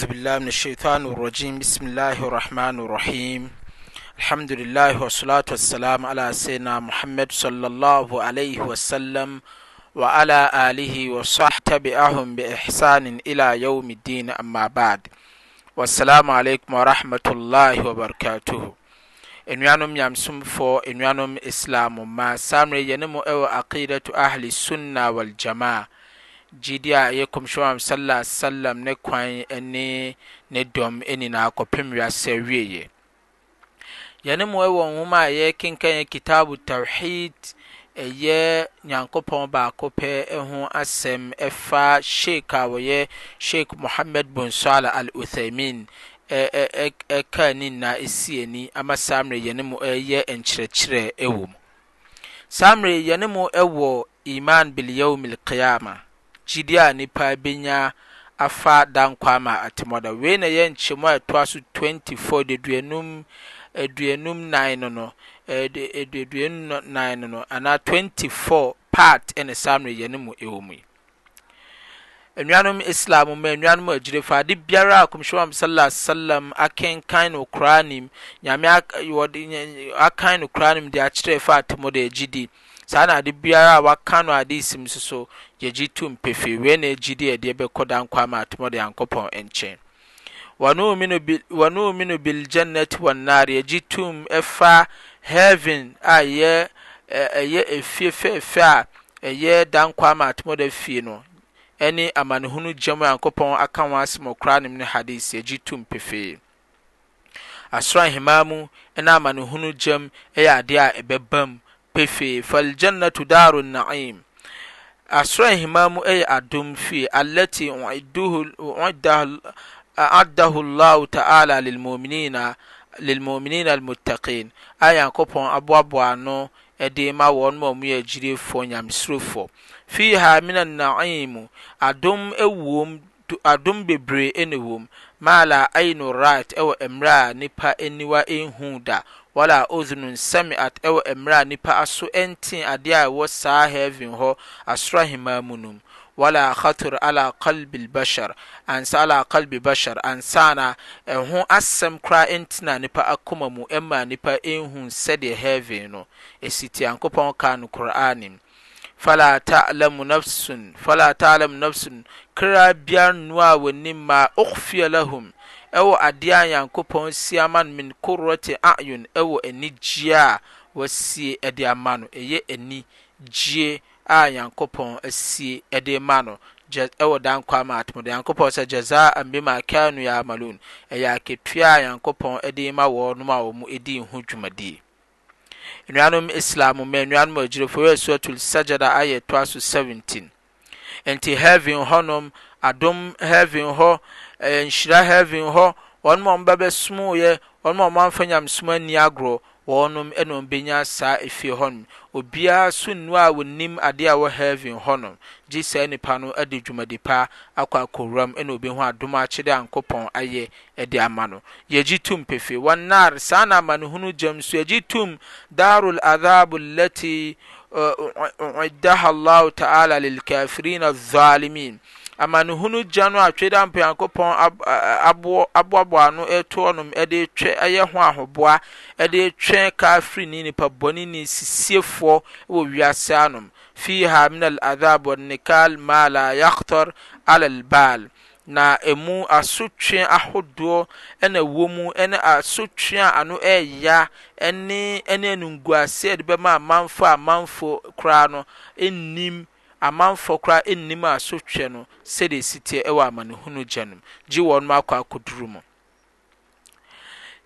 أعوذ بالله من الشيطان الرجيم بسم الله الرحمن الرحيم الحمد لله والصلاة والسلام على سيدنا محمد صلى الله عليه وسلم وعلى آله وصحبهم بإحسان إلى يوم الدين أما بعد والسلام عليكم ورحمة الله وبركاته يانم nyamsomfoɔ فو islam يانم إسلام mmerɛ سامري mu ɛwɔ أقيدة أهل السنة والجماعة gyidi a ɛyɛ kɔmhyɛn sallah sallam ne kwan ne ne dɔm nyinaa kɔpem wiase wieɛ yɛne mu wɔ nwoma a ɛyɛ kenkan yɛ kitabu tawhid ɛyɛ nyankopɔn baako pɛ ho asɛm ɛfa sheik a wɔyɛ sheik mohammed bin al Uthaimin, ɛka ne nyinaa ɛsi ani ama saa mmerɛ yɛne mu ɛyɛ nkyerɛkyerɛ ɛwɔ mu saa mmerɛ yɛne mu ɛwɔ iman bil gyidie a nipa benya afa da nkwa ama atemmɔ wei na ɛyɛ nkyɛmu a ɛtoa so 24 deduanum aduanum aduonum nan no no aduonum nan no no anaa 24 part ɛna samre yɛ no mu ɛwɔ mu yi nnuanom islam ma nnuanom agyire fa ade biara a kɔmhyɛ wam sala salam akenkan no koraa nim nyame akan no koraa nim de akyerɛ fa atemmɔ da agyidi saanaade biara a waka no hades mu soso yɛgye tom pefe weine gyide adeɛ bɛkɔ danko amaatomda yankopɔn nkyɛn wnoome no bilgenet w nnare gye tom ɛfa havin a y fie fɛfɛ a ɛyɛ danko amaatomda fie no ne amannehonu gyam ɔnyankopɔn aka wɔn asmɔkoranom no hades ygye tom pefee asorahema mu ne amannehonu gyam yɛ deɛ a ɛbɛbam fa alganato daro nnaim asora nhima mu ɛyɛ adom fie alati addaho llah ta'ala lelmuminina almutakin anyankɔpɔn abo abo ano ade ma wɔ nmɔmu ya gyiri fɔ nyam suro fɔ fiha men anagimu awomadom bebree newom maala aino right ɛwɔ merɛ a nepa niwa nhu da wala othenun samiat ɛwɔ mmmerɛ nipa aso ntin adeɛ a ɛwɔ saa hevin hɔ asoro ahema mu nom wala hator ala kalbi bashar ansa ala kalbe bashar ansaana ɛho asɛm koraa ntina annipa akoma mu ɛma nnipa ɛnhu sɛdeɛ hevin no ɛsiti nyankopɔn kar no korane m fala ta'lamu nafsun fala ta'lamu nafsun kra biar noa wani ma ukhfiya lahum ɛwɔ adeɛ a yankopon si aman no min kurɔte ayun ɛwɔ eni a wɔasie ɛde amano, no eni anigyeɛ a yankopon asie ɛde ma no ɛwɔ dan kwama atomde nyankopɔn sɛ jaza ambima kanu ya amalun ɛyɛ aketua a nyankopɔn ɛde ma wɔnom a wɔ mu ɛdi ho dwumadie nnuanom islam mma nnuanom agyirefo yɛ suratul sajada ayɛ toa so 17 nti heaven hɔnom adom heaven hɔ eh, nhyira heaven hɔ wɔn a wɔn ba bɛsomoeɛ wɔn a wɔn amfa nyamesoma ani agorɔ wɔnom ɛna ɔmbɛnya saa efie hɔnom obiara so nnu a wɔnim adeɛ a wɔ heaven hɔnom gye saa nipa no ɛde dwumadi pa akɔ akɔwuram ɛna obi ho adom akyerɛ ankopɔn ayɛ ɛde ama no yɛgye tum pefee wɔn naar saa na amanehunu gyam so yɛgye tum darul adhabu lati ɛɛ ɛɛ ɛdaha allah ta'ala lil kafirin azalimin amanehunu gya no a twɛda mpoyankopɔn aboaboa ano ɛto hɔnom ɛde twɛ ɛyɛ ho ahoboa ɛde twɛn kafiri ne nipa bɔne ne sisiefoɔ wɔ wiase anom fiha min al-adhab wa nikal ma la yakhtar ala al-bal na emu asotwe ahodoɔ ɛna wɔ mu ɛne asotwe a ano ɛɛya ɛne ɛne enunguase ɛde bɛma amanfo amanfo koraa no ɛnnim amanfo kora nnim a so twɛ no sɛde sitie wɔ amanehunu gyanom gye wɔnom akɔ akoduru mu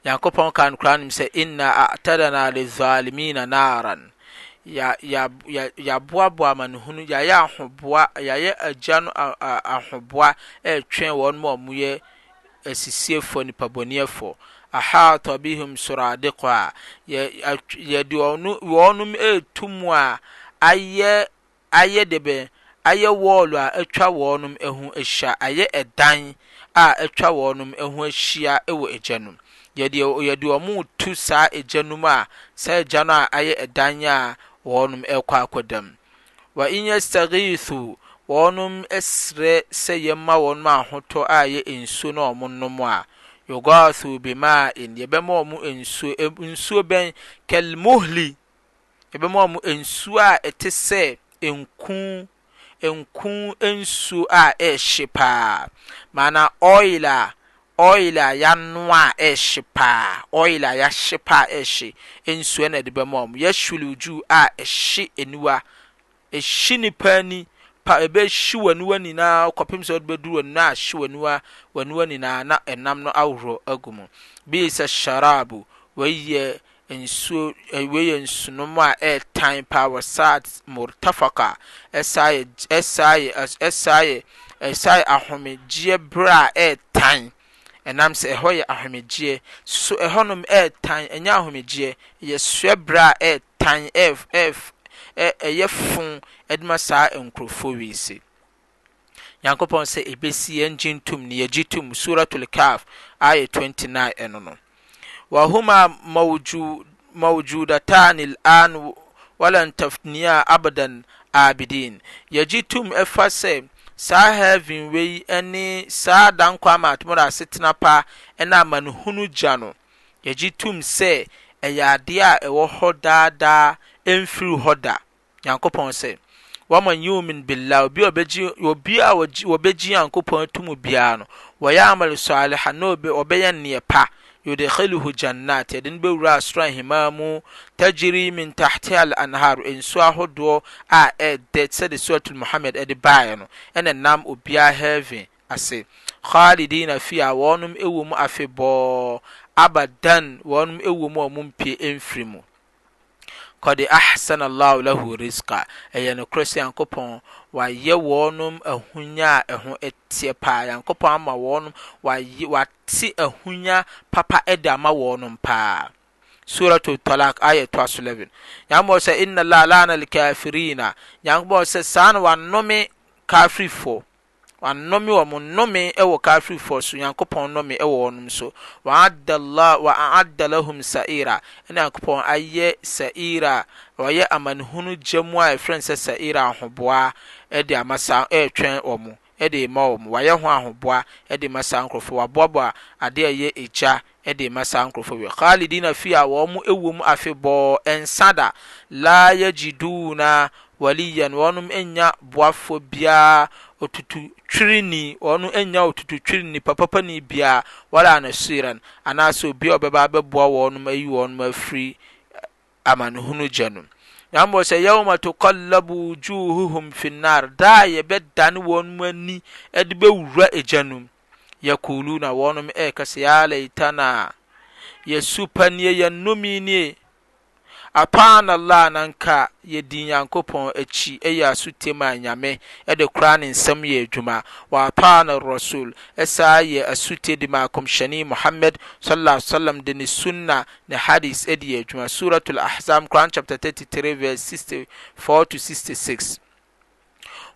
nyankopɔn ka nkoraa nom sɛ inna atadana lehalemina naran yaboaboa amannehunu yɛyɛ agya no ahoboa twen wɔnom ɔmuyɛ asisiefɔ nipabɔniɛfɔ ahaata bihum soradeko a yɛdewɔnom ɛtumu a ayɛ ayɛ de bɛ ayɛ wɔɔl a atwa wɔɔnom aho ahyia ayɛ ɛdan a atwa wɔɔnom aho ahyia wɔ agyanom yɛde ɔ moetu saa agyanom a saa agya no a ayɛ ɛdan a wɔnom kɔ akɔdam w in yastagitho wɔɔnom asirɛ sɛ yɛma wɔnom ahotɔ a yɛ nsuo no ɔ mo nom a ugatho bimain yɛbɛma m nsuo nsuo bɛn kalmuhli ybɛma ɔ m nsuo a ɛte sɛ nk nku nsuo a ɛɛhye paa maana oil a oil a yaanoa a ɛhye paa oil a yɛahye pa a ɛhye nsuo na de bɛma a mu yɛahyerewe juu a ɛhye enuwa ɛhye nnipa ni p ebɛhye w'anewa nyinaa kɔpem sɛ wode bɛdurnunu ɛhye ana 'anea nyinaa na ɛnam no ahoro agu mu bir sɛ sharabo yɛ nsuwei eh, yɛ nsunom a ɛɛ tan paa wɔ sad mortafaca ɛsayɛ ahomegyeɛ berɛ a ɛyɛ tan ɛnam sɛ ɛhɔ yɛ ahomgyeɛ so ɛhɔnom ytan ɛnyɛ ahomgyeɛ yɛsuɛberɛ a ɛ tanɛyɛ fo dima saa nkurofo wii se nyankopɔn sɛ ebɛsi yɛngen tom neyɛgye tom suratul caf ayɛ 29 ɛno no وهما موجود موجودتان الآن ولن تفنيا abadan abidin yaji tum efa sɛ saa heaven wei ne saa dankwama atomɔdɔ asetena pa ɛna amanehunu gya no yɛgye tum sɛ ɛyɛ adeɛ a ɛwɔ hɔ daadaa ɛmfiri hɔ da nyankopɔn sɛ wɔma yumin billah obi a wɔbɛgye nyankopɔn tum biara no wɔyɛ amal saliha na ɔbɛyɛ nneɛ pa yudkxilehu jannat yɛde no bɛwura a soro hima mu tajiri mintahti alanhar ɛnsu ahodoɔ a ɛdɛ sɛde suratalmohamad de baɛ no ɛnɛ nnam obia hevin ase kalidina fi a wɔnom wo mu afebɔɔ abadan wɔnom wo mu wɔ mompie mfiri mu kɔde ahsan allahu lahu riska ɛyɛ no korɔ sɛ nyankopɔn wayɛ wɔnom ahunya a ɛho teɛ paa nyankopɔn ama wɔnom wate ahunya papa ɛde ama wɔnom paa suratu talak aya toa so 11 nyankopɔn sɛ inna la lana alkafirina nyankopɔn sɛ saa na wanome kafirifoɔ wɔannome wɔn e nnome e wɔ kafirfoɔ so nyankopɔn nnome wɔ wɔn so wa'adda lahum sa'ira ɛna e nyankopɔn ayɛ sa'ira wɔyɛ amanehunu gya mu a ɛfrɛ sɛ sa'ira ahoboa de ama saa ɛretwɛn wɔn ɛde ma wɔn wɔayɛ ho ahoboa ɛde ma saa nkurɔfoɔ wɔaboaboa adeɛ ɛyɛ egya ɛde ma saa nkurɔfoɔ wɔ khalidina fi a wɔn wɔ mu afebɔɔ nsada laa yɛgye duuna waliyan wɔn nya boafoɔ biara tututwirini ɔno anya o tututwirinni papapani biaa wala anasuira n anaasɛ obi o bɛba bɛboa wɔnom ayi wɔnom afri amanehunu gya nom nyamb sɛ yama tokallabu wjuhuhum fi nnar da yɛbɛdane wɔnom ani de bɛwura egyanum yakoluu na wɔnom ɛkɛ sɛ yaleitana yasupani ynmni apaanallah nanka yɛdi nyankopɔn akyi ɛyɛ asotem a nyame ɛde kora ne nsɛm yɛ adwuma wa rasul ɛsaa yɛ asute de ma kɔmhyɛne muhammad sallallahu sallam de ne sunna ne hadis ɛde yɛ adwuma suratul ahzam quran chapter 33 verse 64 to 66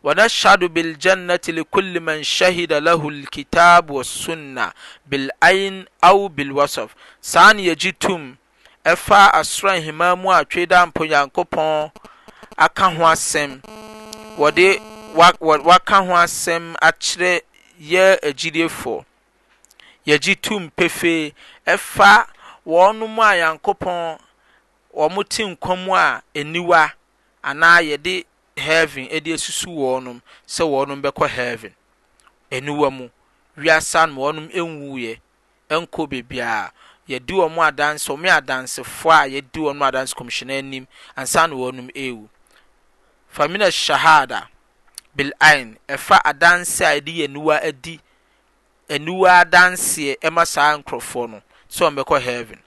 ونشهد بالجنة لكل من شهد له الكتاب والسنة بالعين أو بالوصف سان يجتم ɛfa asora nhema mu a twei da mpo nyankopɔn aka ho asɛm wɔde waka ho asɛm akyerɛ yɛ agyidiefoɔ yɛgye tu mpefee ɛfa wɔn mu a nyankopɔn wɔn te nkwa mu a aniwa anaa yɛde heaven ɛde asusu wɔn sɛ wɔn bɛkɔ heaven aniwa mu wiasa no wɔn nwuiɛ ɛnkɔ beebiara ydi wɔ m adanse ɔme adansefoɔ a yɛdi wɔ mo adanse commisine nim ansano wɔ nom wu famina shahada bilain ɛfa adanse a ɛdi yɛnwa adi anuwaa danse ma saa nkurɔfoɔ no sɛ ɔbɛkɔ hevin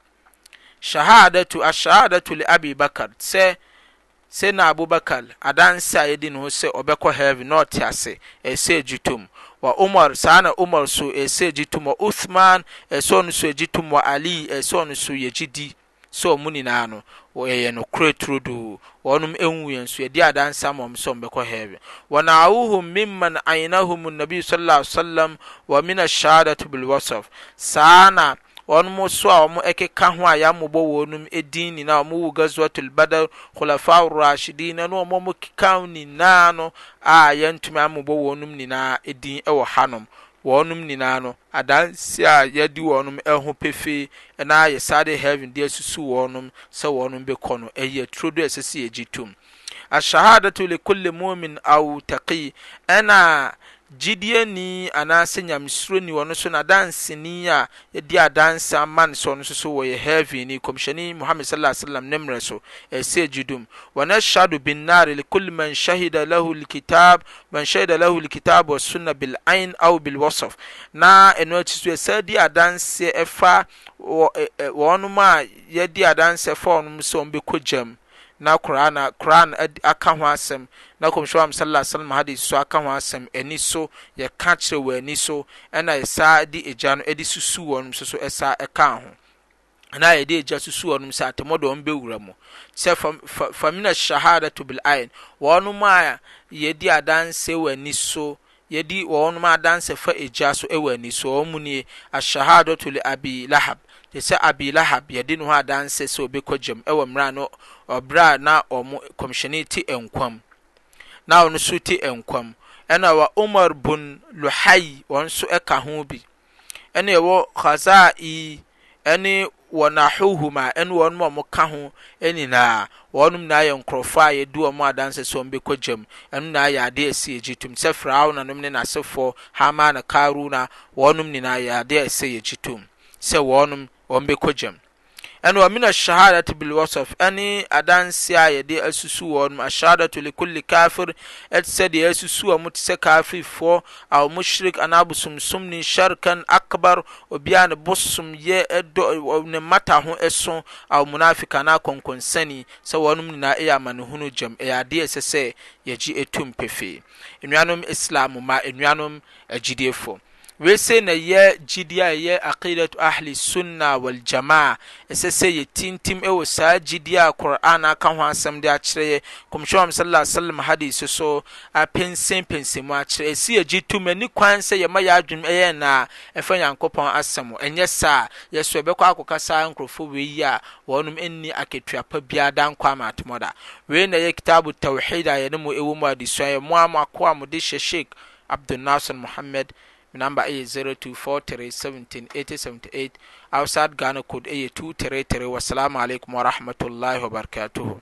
shahadato ashahadato leabi bakar sɛsadna abobakar adanse a yɛdi ne ho sɛ ɔbɛkɔ heven na ɔtease ɛsɛ gyutom w omar eh, eh, eh, saa na omar so ɛsɛ gyi tu m wɔ uthman ɛsɛɔ no so gyi tum wɔ ali ɛsɛɔ no so yɛgyi di sɛ ɔ mu nyinaa no ɛyɛ nokorɛturodoo ɔnom nuu iɛ so adi adansa m ɔm sɛm bɛkɔ havin wɔnaohum men man aina hom annabiu slaala salam wamin ashahadato bilwasaf saana wɔn so a wɔn keka ho a yɛamobɔ wɔn din nyinaa wɔn wɔ gazuatul badar khulafa rashidin na wɔn wɔn keka nyinaa no a yɛntumi amobɔ wɔn nyinaa din wɔ hanom wɔn nyinaa no adansi a yɛdi wɔn ho pefee na yɛ sáré heaven deɛ susu wɔn sɛ wɔn bɛkɔ no ɛyɛ turo do ɛsɛ sɛ yɛgye tom ashahadatu likulli mumin aw taqi ɛna gyidi ni anaasɛ nyamesuro ni wɔ no so nadansenii a yɛdi adanse amane sɛ ɔ no soso wɔyɛ harvyni kɔmhyɛne muhamad sala salam ne mmerɛ so ase gyi domu wɔnashhado binnare lekule manhahida lah lkitab mansyahida laho likitab wassunna bilain aw bilwosof na ɛno ati so ɛsa di adanse ɛfa wɔnom a yɛde adanse ɛfa wɔnom sɛ wɔn bɛkɔ gyam na qur'ana qur'an aka ho asɛm na kɔmhyɛ am sallallahu alaihi wasallam hadis so aka ho asɛm ani so yɛ ka kyerɛ wɔ ani so ɛna yɛsaa de agya no de susu wɔn nso so ɛsa ɛka ho na yɛde agya susu wɔn sɛ atɛmɔ de wɔn bɛwura mu sɛ famina shahada to bil ayin wɔn a yɛdi adanse wɔ ani so yɛdi wɔn adanse fa agya so wɔ ani so wɔn mu ni ashahada to abi lahab te sɛ abilahab yɛde no ho adanse sɛ obɛkɔ gyam ɛwɔ mmerɛ no ɔberɛ a na ɔmo kɔmhyɛne te nkwam na ɔno nso te nkwam ɛna wa umar bun luhai wɔn nso ɛka ho bi ɛna ɛwɔ khazai ɛne wɔn a ɛne wɔn a ka ho nyinaa wɔn na yɛ nkorɔfo a yɛdi wɔn adanse sɛ wɔn bɛkɔ gyam ɛno nyinaa yɛ ade ɛsɛ yɛgye tom sɛ firawo na ne n'asefoɔ hama na karu na wɔn nyinaa yɛ ade ɛsɛ yɛ tom sɛ wɔn wɔn bɛkɔ gyam ɛna wɔn mina shahadatu bil wasaf ɛne adanse a yɛde asusu wɔn ashahadatu likulli kafir ɛte sɛ deɛ asusu wɔn te sɛ kafirfoɔ a wɔn shirik anaa bosomsom ne sharkan akbar obiara ne bosom yɛ ɛdɔ ne mata ho ɛso a wɔn munafik anaa kɔnkɔnsani sɛ wɔn nyinaa ɛyɛ amanehunu gyam ɛyɛ adeɛ sɛ sɛ yɛgye etum pefee nnuanom islam ma nnuanom agyidiefoɔ wese na yɛ gyidi e a ɛyɛ akidat ahli sunna wal jamaa ɛsɛ sɛ yɛ tintim ɛwɔ saa gyidi a qur'an aka ho asɛm de akyerɛ yɛ kɔmhyɛ am sallallahu salam wasallam hadisi so apɛnsɛmpɛnsɛ mu akyerɛ ɛsi e yɛgye tum ani kwan sɛ yɛma yɛ adwene ɛyɛ na ɛfa e nyankopɔn asɛm ɛnyɛ saa yɛsɔ ɛbɛkɔ akɔka saa nkurɔfoɔ wei yi a wɔnom ɛnni aketua pa biara da nkɔ ama atomɔda wei na yɛ kitabu tawhid a yɛne mu ɛwɔ mu adesua yɛ moa mo akoa mode hyɛ sheikh abdul nasir muhammad mi nambe ayi 02 4 3r 7 878 aw sad gana kod eye 2 tre tre wassalamu aleykum wa rahmatullahi wa barakatuhu